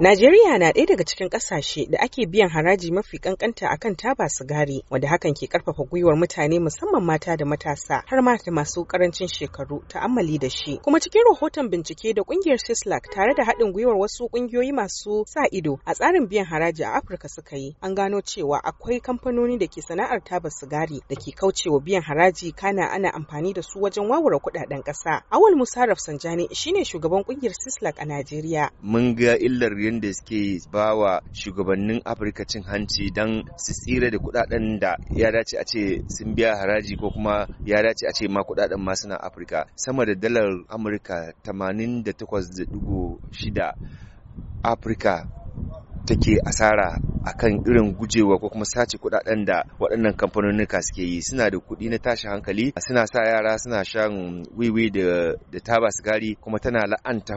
Najeriya na ɗaya daga cikin ƙasashe da ake biyan haraji mafi ƙanƙanta akan taba sigari, wanda hakan ke ƙarfafa gwiwar mutane musamman mata da matasa har ma da masu ƙarancin shekaru ta'ammali da shi. Kuma cikin rahoton bincike da ƙungiyar Sislak tare da haɗin gwiwar wasu ƙungiyoyi masu sa ido a tsarin biyan haraji a Afirka suka yi, an gano cewa akwai kamfanoni da ke sana'ar taba sigari da ke kaucewa biyan haraji kana ana amfani da su wajen wawura kuɗaɗen ƙasa. Awal Musa Rafsanjani shine shugaban ƙungiyar Sislak a Najeriya. Mun ga illar shirye da suke ba wa shugabannin afirka cin hanci don su tsira da kudaden da ya dace a ce sun biya haraji ko kuma ya dace a ce ma kudaden ma suna afirka sama da dalar amurka 88.6 afirka take asara akan irin gujewa ko kuma sace kuɗaɗen da waɗannan kamfanonika suke yi suna da kuɗi na tashi hankali suna sa yara suna shan wiwi da da taba sigari kuma tana la'anta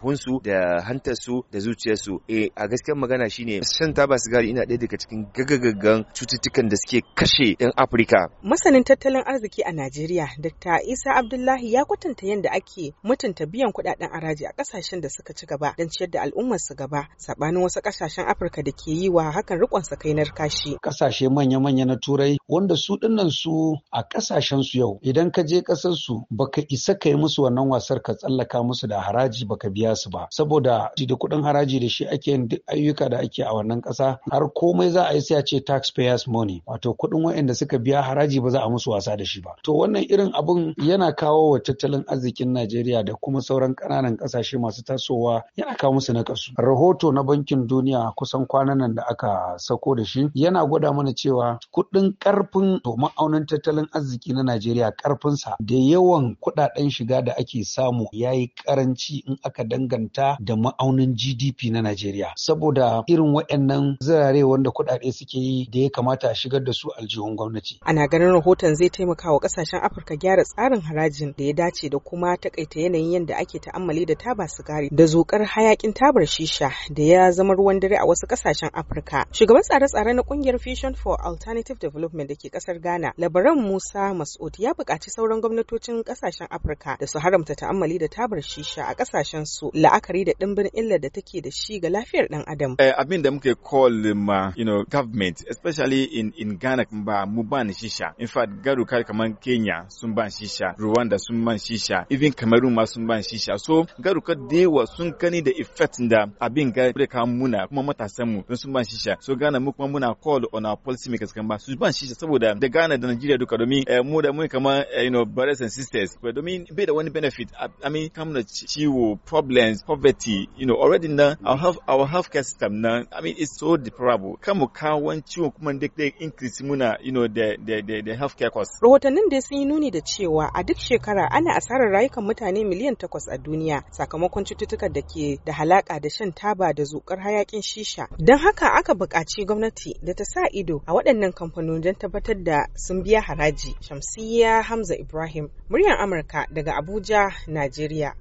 hunsu da hantarsu da zuciyarsu eh a gaskiyar magana shine shan taba sigari ina ɗaya daga cikin gagagaggan cututtukan da suke kashe 'yan Afirka. Masanin tattalin arziki a Najeriya, Dr. Isa Abdullahi ya kwatanta yadda ake mutunta biyan kuɗaɗen araji a ƙasashen da suka ci gaba don ciyar da al'ummar su gaba, saɓanin wasu ƙasashen Afirka da ke yi wa hakan rikon sakainar kashi. Kasashe manya-manya na turai wanda su dinnan su a kasashen su yau idan ka je kasar su baka isa kai musu wannan wasar ka tsallaka musu da haraji baka biya su ba saboda da kuɗin haraji da shi ake yin duk ayyuka da ake a wannan kasa har komai za a yi sai a ce taxpayers money wato kuɗin waɗanda suka biya haraji ba za a musu wasa da shi ba to wannan irin abun yana kawo wa tattalin arzikin Najeriya da kuma sauran ƙananan kasashe masu tasowa ya kawo musu na kasu Rahoto na Bankin Duniya kusan kwanan nan da aka sako da shi yana gwada mana cewa kuɗin ƙarfin to ma'aunin tattalin arziki na Najeriya ƙarfinsa da yawan kuɗaɗen shiga da ake samu ya yi ƙaranci in aka danganta da ma'aunin GDP na Najeriya. Saboda irin waɗannan zirare wanda kuɗaɗe suke yi da ya kamata a shigar da su aljihun gwamnati. Ana ganin rahoton zai taimaka wa ƙasashen Afirka gyara tsarin harajin da ya dace da kuma taƙaita yanayin yadda ake ta'ammali da taba sigari da zokar hayakin tabar shisha da ya zama ruwan dare a wasu ƙasashen Afirka. Shugaban tsare-tsare na kungiyar Vision for Alternative Development da ke kasar Ghana, Labaran Musa Masud ya buƙaci sauran gwamnatocin ƙasashen Afirka da su haramta ta'ammali da tabar shisha a ƙasashen su la'akari da ɗimbin illar da take da shi ga lafiyar ɗan adam. Eh, abin da muke call ma, um, uh, you know, government, especially in in Ghana ba mu ban shisha. In fact, garu kai kamar Kenya sun ban shisha, Rwanda sun ban shisha, even Cameroon ma sun ban shisha. So, garu ka dewa sun kani da effect da abin ga muna kuma matasan mu don sun sun ban shisha so Ghana mu kuma muna call on our policy makers kan ba su ban shisha saboda da Ghana da Nigeria duka domin eh, mu da mu kamar eh, you know brothers and sisters but domin bai da wani benefit I mean kamar ciwo problems poverty you know already na our health our care system na I mean it's so deplorable kan ka kawon ciwon kuma da increase muna you know the the the, the health care cost rahotannin da sun yi nuni da cewa a duk shekara ana asarar rayukan mutane miliyan takwas a duniya sakamakon cututtukan da ke da halaka da shan taba da zukar hayakin shisha don haka haka aka buƙaci gwamnati da ta sa ido a waɗannan kamfanoni don tabbatar da sun biya haraji. Shamsiyya Hamza Ibrahim, muryar Amurka daga Abuja, Najeriya.